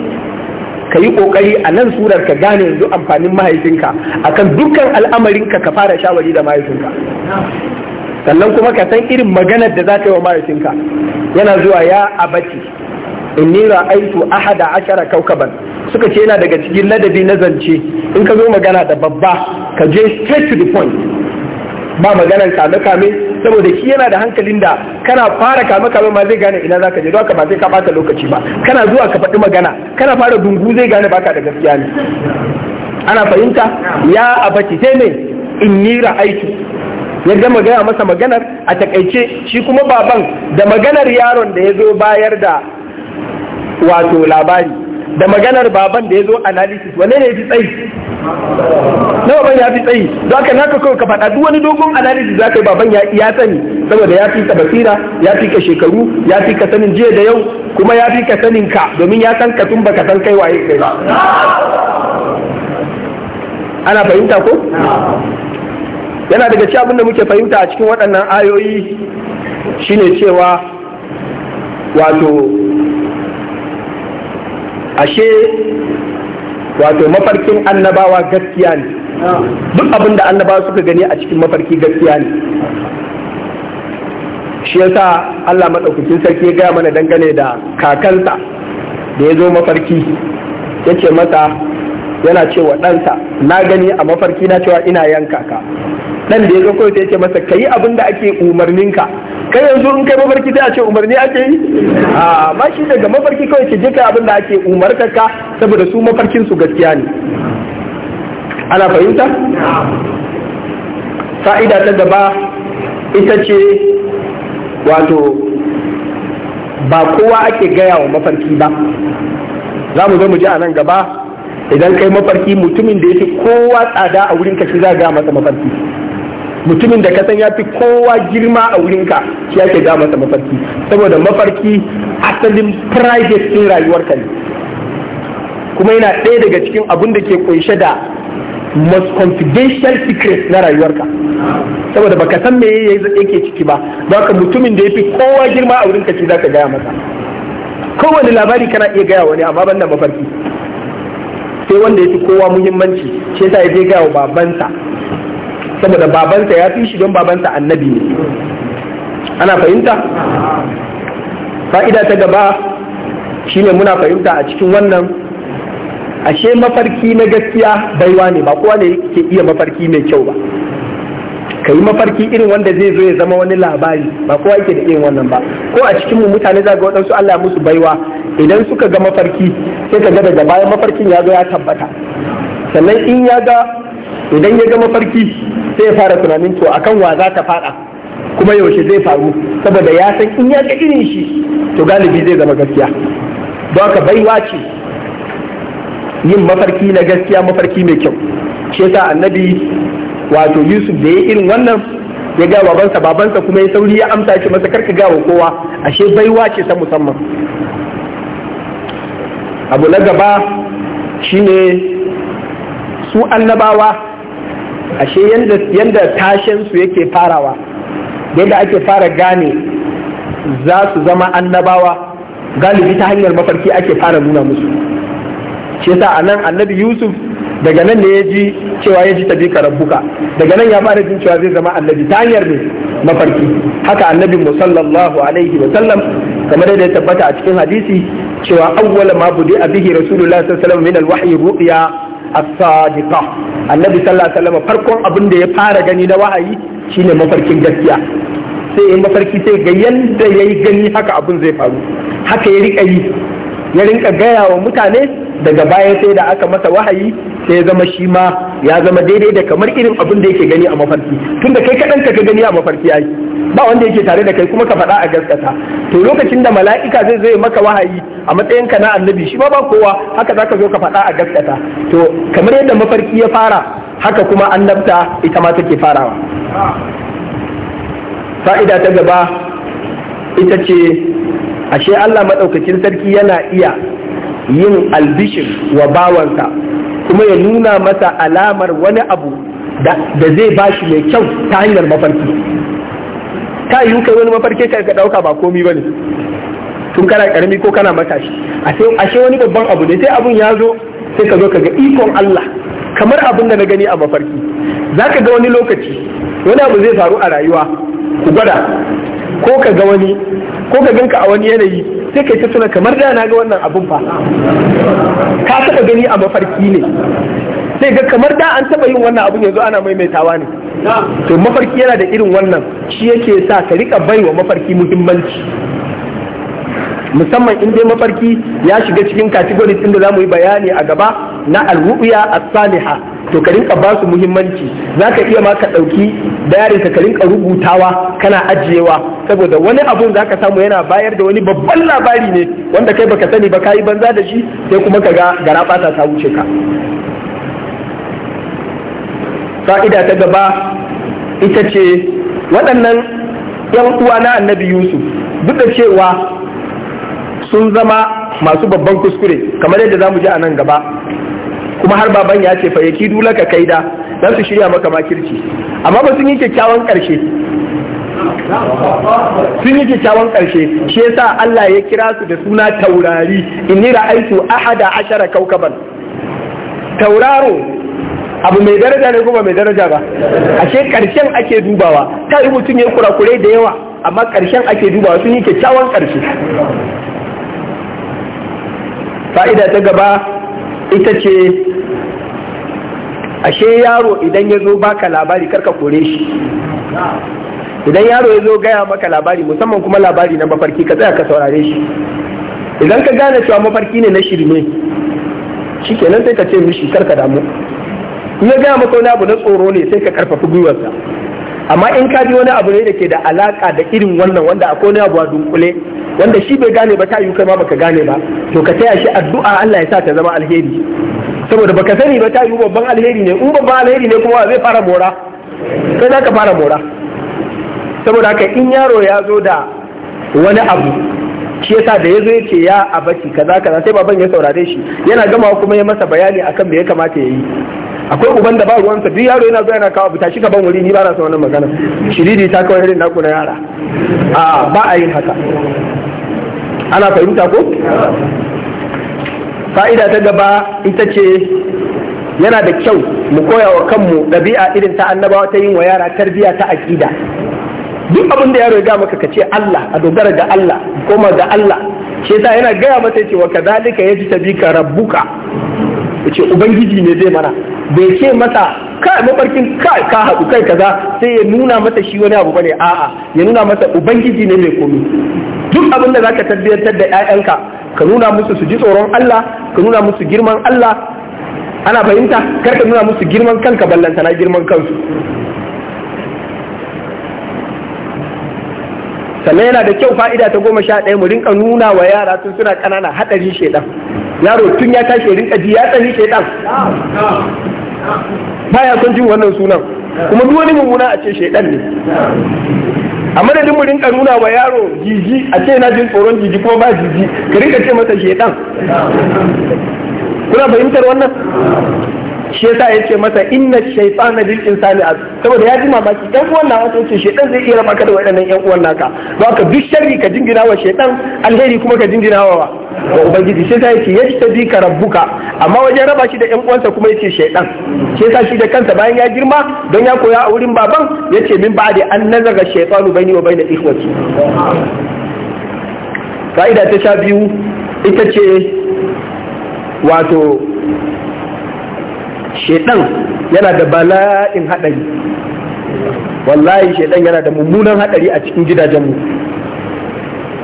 ka yi kokari a nan surar ka gane yanzu amfanin mahaifinka akan dukkan al'amarinka ka fara shawari da mahaifinka sannan kuma ka san irin maganar da za ka yi wa mahaifinka yana zuwa ya abaci inni ra'aitu ahada ashara kaukaban suka ce yana daga cikin ladabi na zance in ka zo magana da babba ka je straight to the point ba maganar kame-kame saboda shi yana da hankalin da kana fara kame-kame ma zai gane ina zaka je don ka ba zai ka bata lokaci ba kana zuwa ka faɗi magana kana fara dungu zai gane ba ka da gaskiya ne ana fahimta ya abaci sai in nira ra'aitu ya gama gaya masa maganar a takaice shi kuma baban da maganar yaron da ya zo bayar da wato labari da maganar baban da ya zo analysis wane ne ya fi tsayi na baban ya fi tsayi za ka naka kawai ka faɗa duk wani dogon analysis za ka yi baban ya sani saboda ya fi ka basira ya fi ka shekaru ya fi ka sanin jiya da yau kuma ya fi ka sanin ka domin ya san ka tun baka san kai waye kai ba ana fahimta ko yana daga ci abin da muke fahimta a cikin waɗannan ayoyi shine cewa wato ashe wato mafarkin annabawa gaskiya ne duk abin da annabawa suka gani a cikin mafarki gaskiya ne shi yasa Allah maɗaukakin sarki ya gaya mana dangane da kakansa da ya zo mafarki ya ce masa yana cewa ɗansa na gani a mafarki na cewa ina yanka ka ɗan da ya zo kawai ya ce masa ka yi abin da ake umarninka kai yanzu in kai mafarki sai a ce umarni ake yi a ma shi daga mafarki kawai ce jika abin da ake ka saboda su mafarkin su gaskiya ne ana fahimta fa'ida ta gaba ita ce wato ba kowa ake gaya wa mafarki ba za mu zo mu ji a nan gaba idan kai mafarki mutumin da ya fi kowa tsada a wurin kashi za a gaya masa mafarki mutumin da ka san ya fi kowa girma a wurinka shi ake ja masa mafarki saboda mafarki asalin private din rayuwarka ne kuma yana ɗaya daga cikin abin da ke kunshe da most confidential secret na rayuwarka saboda baka san me yake ciki ba baka mutumin da ya fi kowa girma a wurinka shi zaka gaya masa kowane labari kana iya gaya wani amma banda mafarki sai wanda ya fi kowa muhimmanci shi yasa ya je gaya wa babansa saboda babansa ya fi shi don babansa annabi ne ana fahimta fa'ida ta gaba shi ne muna fahimta a cikin wannan ashe mafarki na gaskiya baiwa ne ba kowa ne ke iya mafarki mai kyau ba ka yi mafarki irin wanda zai zo ya zama wani labari ba kowa yake da irin wannan ba ko a cikin mutane za ga waɗansu Allah musu baiwa idan suka ga mafarki sai ka ga daga bayan mafarkin ya zo ya tabbata sannan in ya ga idan ya ga mafarki sai ya fara tunanin to akan wa za ta fada kuma yaushe zai faru saboda ya san in ya ga irin shi to galibi zai zama gaskiya don haka baiwa ce yin mafarki na gaskiya mafarki mai kyau shi yasa annabi wato Yusuf da ya irin wannan ya ga babansa babansa kuma ya sauri ya amsa shi masa karka gawa kowa ashe baiwa ce ta musamman abu na gaba shine su annabawa ashe yanda su yake farawa yadda ake fara gane za su zama annabawa galibi ta hanyar mafarki ake fara nuna musu shi sa anan annabi yusuf daga nan ne ya ji cewa ya ji tabi rabbuka daga nan ya fara jin cewa zai zama annabi ta hanyar ne mafarki haka annabi musallallahu alaihi wa sallam kamar da ya tabbata a cikin hadisi cewa awwala ma budi abihi rasulullahi sallallahu alaihi wa sallam min alwahyi ru'ya as sadiqah annabi sallallahu alaihi wasallam farkon abin da ya fara gani na wahayi shine mafarkin gaskiya sai ya mafarki sai ga yanda yayi gani haka abin zai faru haka ya rika yi ya rinka gaya wa mutane daga baya sai da aka masa wahayi sai ya zama shi ma ya zama daidai da kamar irin abin da yake gani a mafarki tun da kai kaɗan ka gani a mafarki ai ba wanda yake tare da kai kuma ka faɗa a gaskata to lokacin da mala'ika zai zai maka wahayi a matsayin ka na annabi shi ma ba kowa haka zaka zo ka faɗa a gaskata to kamar yadda mafarki ya fara haka kuma annabta ita ma take farawa fa'ida ta gaba ita ce ashe Allah maɗaukacin sarki yana iya yin albishin wa bawansa kuma ya nuna masa alamar wani abu da zai bashi mai kyau ta hanyar mafarki ta yi kai wani mafarki ka ka dauka ba komi bane tun kana karami ko kana matashi ashe wani babban abu ne sai abun ya zo sai ka zo ka ga ikon Allah kamar abin da na gani a mafarki zaka ga wani lokaci wani abu zai faru a rayuwa ku gwada ko ka ga wani ko ka ganka a wani yanayi sai kai ta kamar da na ga wannan abun fa ka taba gani a mafarki ne sai ga kamar da an taba yin wannan abun yanzu ana maimaitawa ne to mafarki yana da irin wannan shi yake sa ka rika bai wa mafarki muhimmanci musamman in dai mafarki ya shiga cikin categories da za mu yi bayani a gaba na alru'ya a saliha to ka rinka ba su muhimmanci zaka iya ma ka dauki dayarin ka rinka rubutawa kana ajiyewa saboda wani abun zaka samu yana bayar da wani babban labari ne wanda kai baka sani ba kai banza da shi sai kuma ka ga gara bata ta wuce ka fa'ida ta gaba ita ce waɗannan yan uwa na annabi yusuf duk da cewa sun zama masu babban kuskure kamar yadda za mu ji a nan gaba kuma har baban ya ce fa dula laka kaida dan su shirya maka makirci amma ba sun yi kyakkyawan karshe sun yi kyakkyawan karshe shi yasa Allah ya kira su da suna taurari inni ra'aitu ahada ashara kaukaban tauraro abu mai daraja ne kuma mai daraja ba ashe karshen ake dubawa ta mutum ya kurakure da yawa amma karshen ake dubawa sun yi kyakkyawan karshe fa'ida ta gaba ita ce ashe yaro idan ya zo baka labari karka kore shi idan yaro ya zo gaya maka labari musamman kuma labari na mafarki ka tsaya ka saurare shi idan ka gane cewa mafarki ne na shirme shi kenan sai ka ce mishi karka damu in ya gaya maka wani abu na tsoro ne sai ka karfafi gwiwarsa amma in ka ji wani abu ne da ke da alaka da irin wannan wanda akwai wani abu a dunkule wanda shi bai gane ba ta yi kai ma baka gane ba to ka taya shi addu'a Allah ya sa ta zama alheri saboda baka sani ba ta yi babban alheri ne in babban alheri ne kuma zai fara mora kai za ka fara mora saboda haka in yaro ya zo da wani abu shi yasa da ya zo ya ce ya abaci kaza kaza sai baban ya saurare shi yana gama kuma ya masa bayani akan me ya kamata ya yi akwai uban da ba ruwansa duk yaro yana zuwa yana kawo abu tashi ban wuri ni ba na son wannan magana Shiridi ta kawai irin naku na yara a ba a yin haka ana fahimta ko fa'ida ta gaba ita ce yana da kyau mu koya wa kanmu ɗabi'a irin ta annabawa ta yin wa yara tarbiyya ta aƙida duk abin da ya ga maka ka ce Allah a dogara ga Allah koma ga Allah shi yasa yana gaya mata cewa kadhalika tabika rabbuka yace ubangiji ne zai mana bai ce masa kai mafarkin kai ka haɗu kai kaza sai ya nuna mata shi wani abu bane a'a ya nuna masa ubangiji ne mai komi duk abin da za ka tarbiyyantar da 'ya'yanka ka nuna musu su ji tsoron Allah ka nuna musu girman Allah ana fahimta kar ka nuna musu girman kanka ballanta na girman kansu sannan yana da kyau fa'ida ta goma sha ɗaya mu rinka nuna wa yara tun suna ƙanana haɗari shaidan yaro tun ya tashi rinka ji ya tsani shaidan baya son jin wannan sunan kuma duk wani mummuna a ce shaidan ne a madadin mu rinka nuna wa yaro jiji a ce na jin tsoron jiji kuma ba jiji ka rinka ce mata shedan kuna fahimtar wannan shi yasa ya ce masa inna shaytana lil insani az saboda ya ji mamaki dan uwan na wato ce shaytan zai iya raba ka da waɗannan yan uwan naka ba ka duk sharri ka jingina wa shaytan alheri kuma ka jingina wa wa ubangiji sai ya ce yajtabi ka rabbuka amma wajen raba shi da yan uwansa kuma yace shaytan shi yasa shi da kansa bayan ya girma don ya koya a wurin baban yace min ba da an nazaga shaytanu baini wa baina ikhwati fa'ida ta sha biyu ita ce wato shedan yana da bala'in haɗari wallahi shedan yana da mummunan haɗari a cikin gidajenmu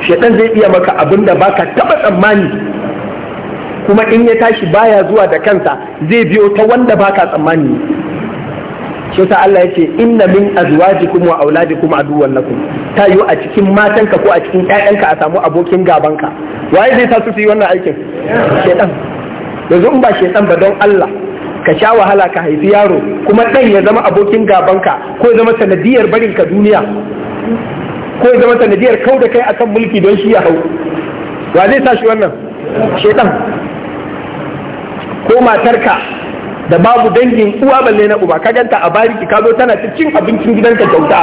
shedan zai iya maka abin da baka taɓa tsammani kuma in ya tashi baya zuwa da kansa zai biyo ta wanda baka tsammani shi Allah ya ce inna min azwajikum wa auladikum aduwwan lakum ta yi a cikin matanka ko a cikin ƴaƴanka a samu abokin gabanka waye zai sa su yi wannan aikin shedan yanzu in ba shedan ba don Allah ka sha wahala ka haifi yaro kuma ɗan ya zama abokin gabanka ko ya zama sanadiyar barin ka duniya ko ya zama sanadiyar kau da kai akan mulki don shi ya hau wa zai sa shi wannan shaitan ko matarka da babu dangin uwa balle na uba ka ganta a bariki ka zo tana ta cin abincin gidanka kyauta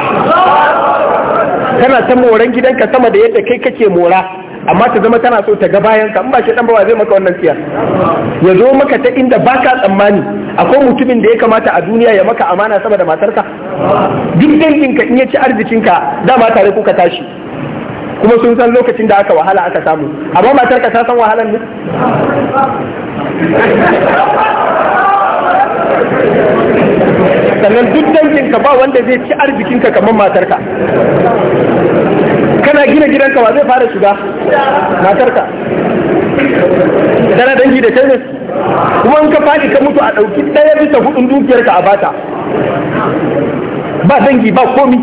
tana ta moran gidanka sama da yadda kai kake mora amma ta zama tana so ta ga bayan ka in ba dan bawa zai maka wannan siyar ya zo maka ta inda baka tsammani akwai mutumin da ya kamata a duniya ya maka amana saboda matarka duk danginka in ya ci arzikinka dama tare kuka tashi kuma sun san lokacin da aka wahala aka samu amma matarka ta san wahalan ne sannan duk danginka ba wanda zai ci arzikinka kamar matarka kana gina gidanka ba zai fara shiga matarka Kana dangi da tennis kuma in ka faɗi ka mutu a ɗauki ɗaya bisa hudun dukiyarka a bata ba dangi ba komi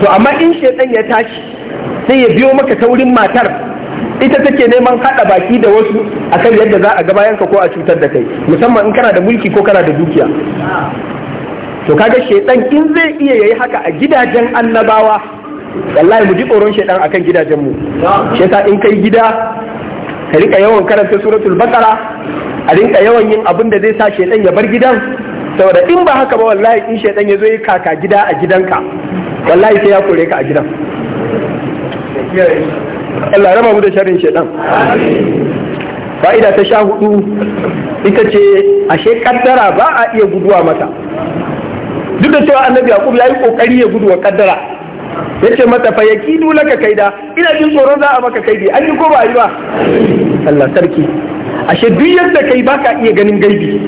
to amma in shedan ya tashi sai ya biyo maka taurin matar ita take neman haɗa baki da wasu akan yadda za a ga bayanka ko a cutar da kai musamman in kana da mulki ko kana da dukiya to kaga shaitan in zai iya yayi haka a gidajen annabawa wallahi mu ji tsoron shaidan akan gidajen mu shi yasa in kai gida ka rika yawan karanta suratul baqara a rika yawan yin abin da zai sa shaidan ya bar gidan saboda in ba haka ba wallahi in shaidan ya zo ya kaka gida a gidanka wallahi sai ya kore ka a gidan Allah raba mu da sharrin shaidan fa'ida ta sha hudu ita ce ashe kaddara ba a iya guduwa mata duk da cewa annabi yaqub yayi kokari ya gudu wa kaddara ya ce mata fa yakidu laka kaida ina jin tsoron za a maka kaidi an yi ko ba a yi ba Allah sarki ashe duk yadda kai baka iya ganin gaibi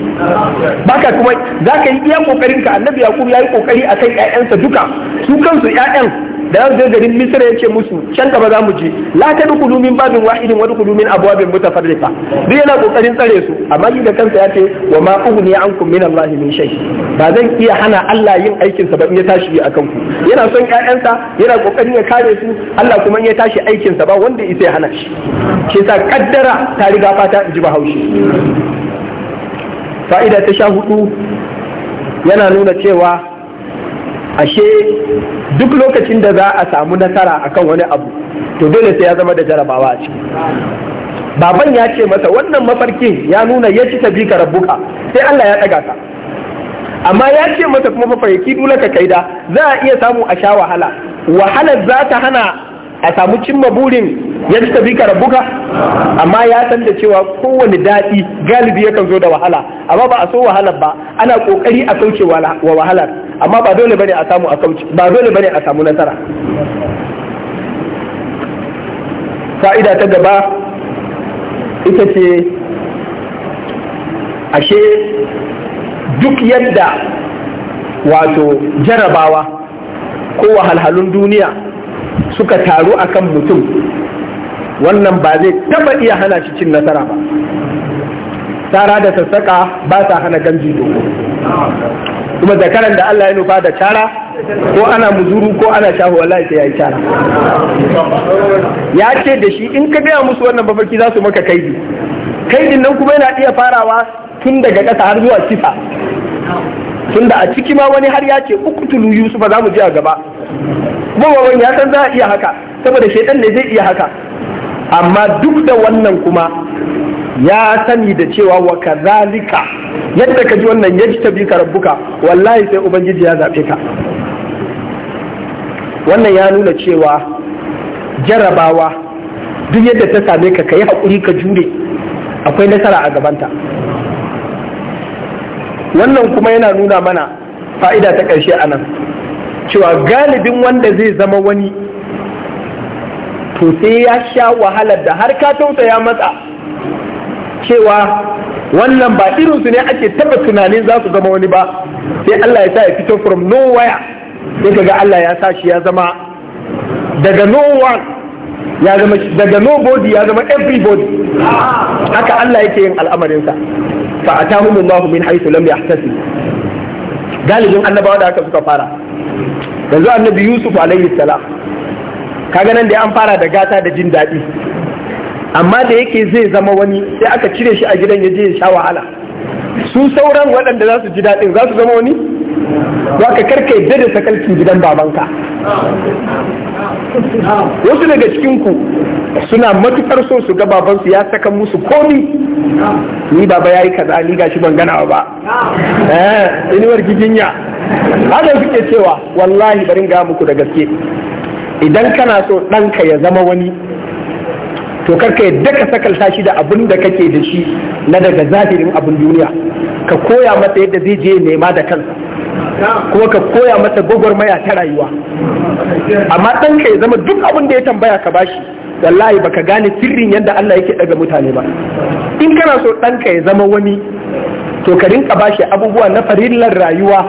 baka kuma za ka yi iya kokarin ka annabi yaqub yayi kokari akan ƴaƴansa duka su kansu ƴaƴan da zai garin misra ya musu can gaba za mu je la ta dukulu min babin wahidin wa dukulu min abwabin mutafarriqa duk yana kokarin tsare su amma shi da kansa ya ce wa ma ughni ankum min allahi min shay ba zan iya hana Allah yin aikin sa ba in ya tashi a kanku yana son ƴaƴansa yana kokarin ya kare su Allah kuma in ya tashi aikin sa ba wanda isa ya hana shi Ke sa kaddara ta riga fata in ji bahaushe fa'ida ta sha hudu yana nuna cewa ashe duk lokacin da za a samu nasara akan wani abu to dole sai ya zama da jarabawa a ciki baban ya ce masa wannan mafarkin ya nuna ya ci tabi ka rabbuka sai Allah ya ɗaga ka amma ya ce masa kuma mafarki dole ka kaida za a iya samu a sha wahala wahalar za ta hana a samu cimma burin ya ci tabi ka rabbuka amma ya san da cewa kowane daɗi galibi yakan zo da wahala amma ba a so wahalar ba ana ƙoƙari a kauce wa wahalar amma ba dole bane a samu a kauce ba dole bane a samu nasara fa'ida ta gaba ita ce ashe duk yadda wato jarabawa ko wahalhalun duniya suka taru akan mutum wannan ba zai taba iya hana shi cin nasara ba Tara da sassaka ba sa hana gamji doko kuma zakaran da Allah ya nufa da tara ko ana muzuru ko ana shahu wallahi sai yayi tara ya ce da shi in ka gaya musu wannan mafarki za su maka kaidi kaidin nan kuma yana iya farawa tun daga ƙasa har zuwa Tun da a ciki ma wani har ya ce uktulu yusufa za mu je a gaba kuma wani ya san za a iya haka saboda shaidan ne zai iya haka amma duk da wannan kuma ya sani da cewa wa kazalika yadda ka ji wannan ya ji tabi ka rabbuka wallahi sai ubangiji ya zaɓe ka wannan ya nuna cewa jarabawa duk yadda ta same ka ka yi haƙuri ka jure akwai nasara a gabanta wannan kuma yana nuna mana fa'ida ta ƙarshe a nan cewa galibin wanda zai zama wani to sai ya sha wahalar da har ka tausaya matsa cewa wannan ba irinsu ne ake taba tunanin za su zama wani ba sai Allah ya sa ya fito from nowhere sai kaga Allah ya sa shi ya zama daga no one ya zama daga nobody ya zama everybody haka Allah yake yin al'amarinsa fa atahumullahu min haythu lam yahtasib galibin annabawa da haka suka fara yanzu annabi Yusuf alaihi salam kaga nan da an fara da gata da jin daɗi amma da yake zai zama wani sai aka cire shi a gidan ya je ya sha wahala su sauran waɗanda za su ji daɗin za su zama wani za ka karka yadda da sakalcin gidan babanka wasu daga cikinku suna matukar so su ga babansu ya saka musu komi ni baba ya yi kaza ni gashi ban gana ba eh inuwar giginya haka suke cewa wallahi bari ga muku da gaske idan kana so ɗanka ya zama wani to ka yadda ka sakalta shi da abin da kake da shi na daga zahirin abin duniya ka koya masa yadda zai je nema da kansa kuma ka koya masa gwagwarmaya ta rayuwa amma ɗanka ya zama duk abin da ya tambaya ka bashi wallahi baka gane sirrin yadda Allah yake daga mutane ba in kana so ɗanka ya zama wani to ka rinka bashi abubuwa na farillar rayuwa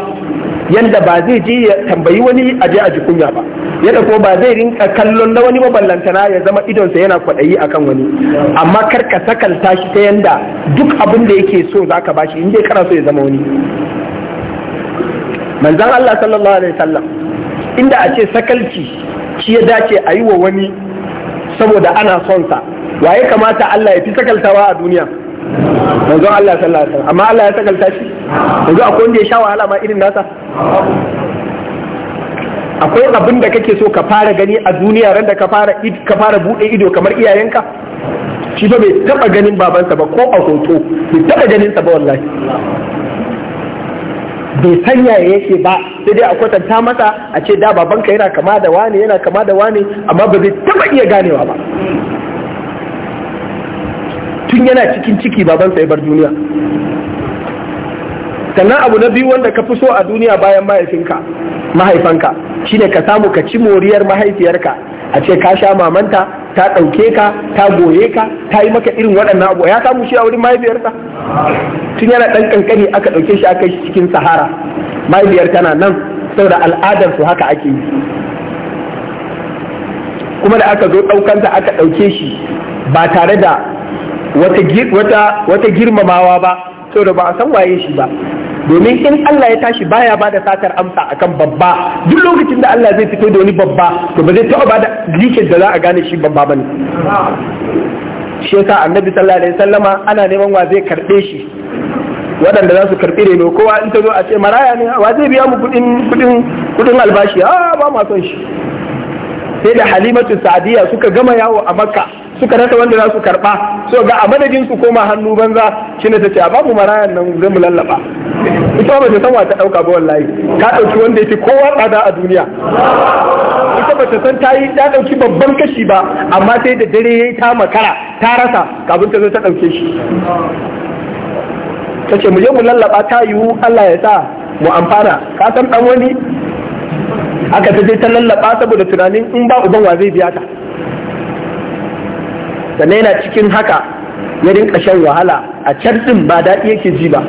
yadda ba zai je ya tambayi wani aje a jikunya ba ya dauko ba zai rinka kallon na wani maballantana ya zama idonsa yana kwaɗayi a kan wani amma kar ka sakalta shi ta yanda duk abin da yake so za ka bashi in dai kana so ya zama wani manzan Allah sallallahu alaihi wasallam inda a ce sakalci shi ya dace a yi wa wani saboda ana son sa waye kamata Allah ya fi sakaltawa a duniya manzon Allah sallallahu alaihi wasallam amma Allah ya sakalta shi yanzu akwai wanda ya sha wahala ma irin nasa akwai abin da kake so ka fara gani a duniya ran da ka fara buɗe bude ido kamar iyayenka shi fa bai taba ganin babansa ba ko a hoto bai taba ganin sa ba wallahi bai sanya yake ba sai dai a kwatanta masa a ce da babanka yana kama da wani yana kama da wani amma ba zai taba iya ganewa ba tun yana cikin ciki babansa ya bar duniya sannan abu na biyu wanda ka fi so a duniya bayan mahaifinka mahaifanka shine ka samu ka ci moriyar mahaifiyarka a ce ka sha mamanta ta ɗauke ka ta goye ka ta yi maka irin waɗannan abu ya samu shi a wurin mahaifiyarsa tun yana ɗan ƙanƙani aka ɗauke shi aka shi cikin sahara mahaifiyar tana nan saboda al'adar su haka ake yi kuma da aka zo ɗaukanta aka ɗauke shi ba tare da wata girmamawa ba saboda ba a san waye shi ba domin in Allah ya tashi baya ba da satar amsa akan babba duk lokacin da Allah zai fito da wani babba to ba zai taɓa ba da likin da za a gane shi babba ne shi yasa annabi sallallahu alaihi wasallama ana neman wa zai karɓe shi waɗanda za su karɓi ne kowa in ta zo a ce maraya ne wa zai biya mu kuɗin kuɗin albashi a ah, ba ma son shi sai da halimatu sa'adiyya suka gama yawo a makka suka rasa wanda za su karba so ga a madadin su koma hannu banza shine ta ce a babu marayan nan zai mu lallaba ita ba ta san wa ta dauka ba wallahi ta dauki wanda yake kowa tsada a duniya ita ba ta san ta yi ta dauki babban kashi ba amma sai da dare yayi ta makara ta rasa kafin ta zo ta dauke shi ta ce mu je mu lallaba ta yiwu Allah ya sa mu amfana ka san dan wani haka ta je ta lallaba saboda tunanin in ba uban wa zai biya ta sannan yana cikin haka ya rinka shan wahala a can din ba daɗi yake ji ba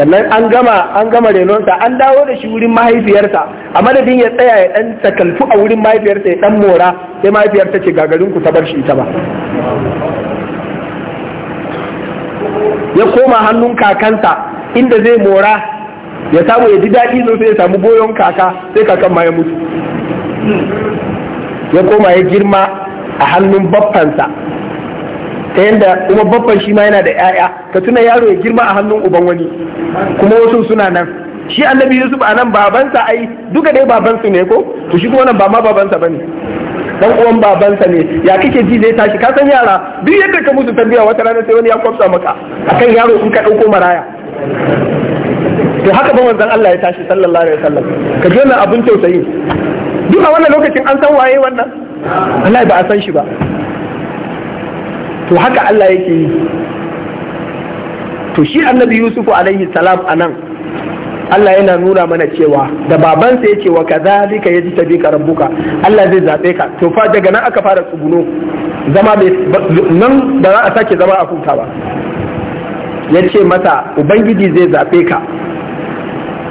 sannan an gama an gama renonsa an dawo da shi wurin mahaifiyarsa a madadin ya tsaya ya dan takalfu a wurin mahaifiyarsa ya ɗan mora sai mahaifiyarta ce gagarin ku ta bar shi ita ba ya koma hannun kakansa inda zai mora ya samu ya ji daɗi zo sai ya samu goyon kaka sai kakan ma ya mutu ya koma ya girma a hannun baffansa ta yadda kuma babban shi ma yana da 'ya'ya ka tuna yaro ya girma a hannun uban wani kuma wasu suna nan shi annabi yusuf a nan babansa ai duka dai babansu ne ko to shi kuma nan ba ma babansa bane dan uwan babansa ne ya kike ji zai tashi ka san yara duk yadda ka musu tambiya wata rana sai wani ya kwafsa maka akan yaro in ka dauko maraya to haka ba wanzan, Allah ya tashi sallallahu alaihi wasallam ka ji wannan abin tausayi duk a wannan lokacin an san waye wannan wallahi ba a san shi ba to haka Allah yake yi to shi annabi Yusuf alaihi salam anan Allah yana nuna mana cewa da babansa ya ce wa kazalika zalika ya ta bi rabbuka Allah zai zaɓe ka to fa daga nan aka fara tsuguno zama nan ba za a sake zama a huta ba ya ce mata ubangiji zai zaɓe ka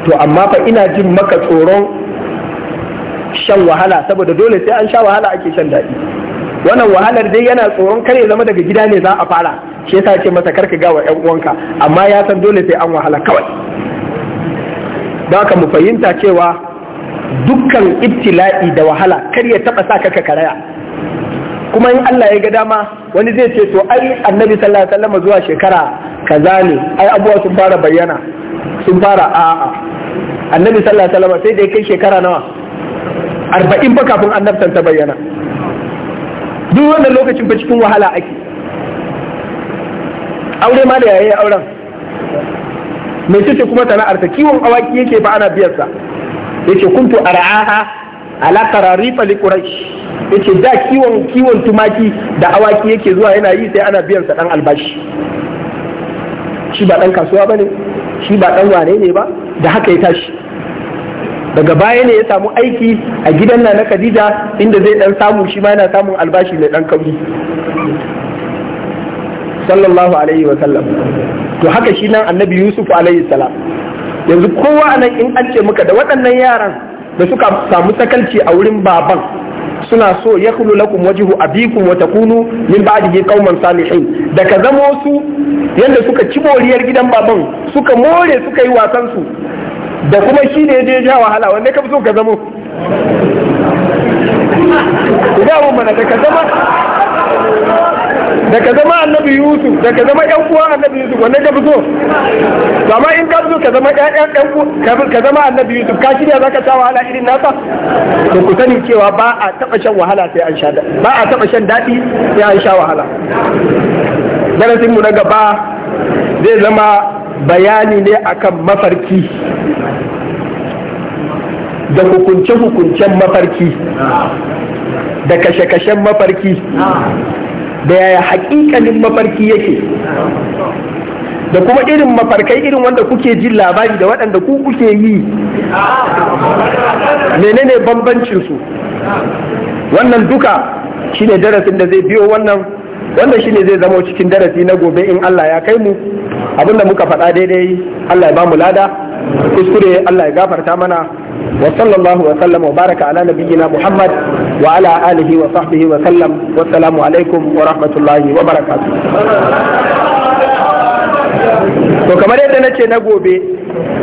to amma fa ina jin maka tsoron shan wahala saboda dole sai an sha wahala ake shan daɗi wannan wahalar dai yana tsoron kar ya zama daga gida ne za a fara shi yasa ce masa karka ga wa 'yan uwanka amma ya san dole sai an wahala kawai haka mu fahimta cewa dukkan ibtila'i da wahala kar ya taɓa sa ka karaya kuma in Allah ya ga dama wani zai ce to ai annabi sallallahu alaihi wasallam zuwa shekara kaza ne ai abuwa sun fara bayyana sun fara a'a annabi sallallahu alaihi wasallam sai da kai shekara nawa arba'in ba kafin annabtan ta bayyana duk wannan lokacin fa cikin wahala ake aure ma da yayi auren mai ce kuma sana'arta kiwon awaki yake ba ana biyarsa yake kuntu ar'aha ala qararita li quraish yace da kiwon kiwon tumaki da awaki yake zuwa yana yi sai ana biyan sa dan albashi shi ba dan kasuwa bane shi ba dan wane ne ba da haka ya tashi daga baya ne ya samu aiki a gidan na na Khadija inda zai dan samu shi ma yana samun albashi mai dan kauri sallallahu alaihi wa sallam to haka shi nan annabi Yusuf alaihi salam yanzu kowa anan in an ce muka da waɗannan yaran da suka samu sakalci a wurin baban suna so ya kulu lakum wajihu abikum wa takunu min ba'dihi qauman salihin da ka zamo su yanda suka ci boriyar gidan baban suka more suka yi wasan su da kuma shi ne je ja wahala wanda ka so ka zamo ga mu mana da ka zama daga zama annabi yusuf daga zama yan uwa annabi yusuf wanne ka fi so to amma in ka so ka zama yan ka zama annabi yusuf ka shirya zaka sha wahala irin nasa to ku sani cewa ba a taba shan wahala sai an sha ba a taba shan dadi sai an sha wahala darasin mu na gaba zai zama bayani ne akan mafarki da hukunce-hukuncen mafarki da kashe-kashen mafarki da yaya haƙiƙanin mafarki yake da kuma irin mafarkai irin wanda kuke jin labari da waɗanda ku kuke yi menene su wannan duka shine darasin da zai biyo wannan wannan shine zai zama cikin darasi na gobe in Allah ya kai mu abinda muka faɗa daidai Allah ya bamu lada kuskure Allah ya gafarta mana wa sallallahu wa sallama wa baraka ala nabiyyina Muhammad وعلى آله وصحبه وسلم والسلام عليكم ورحمة الله وبركاته to kamar yadda na ce na gobe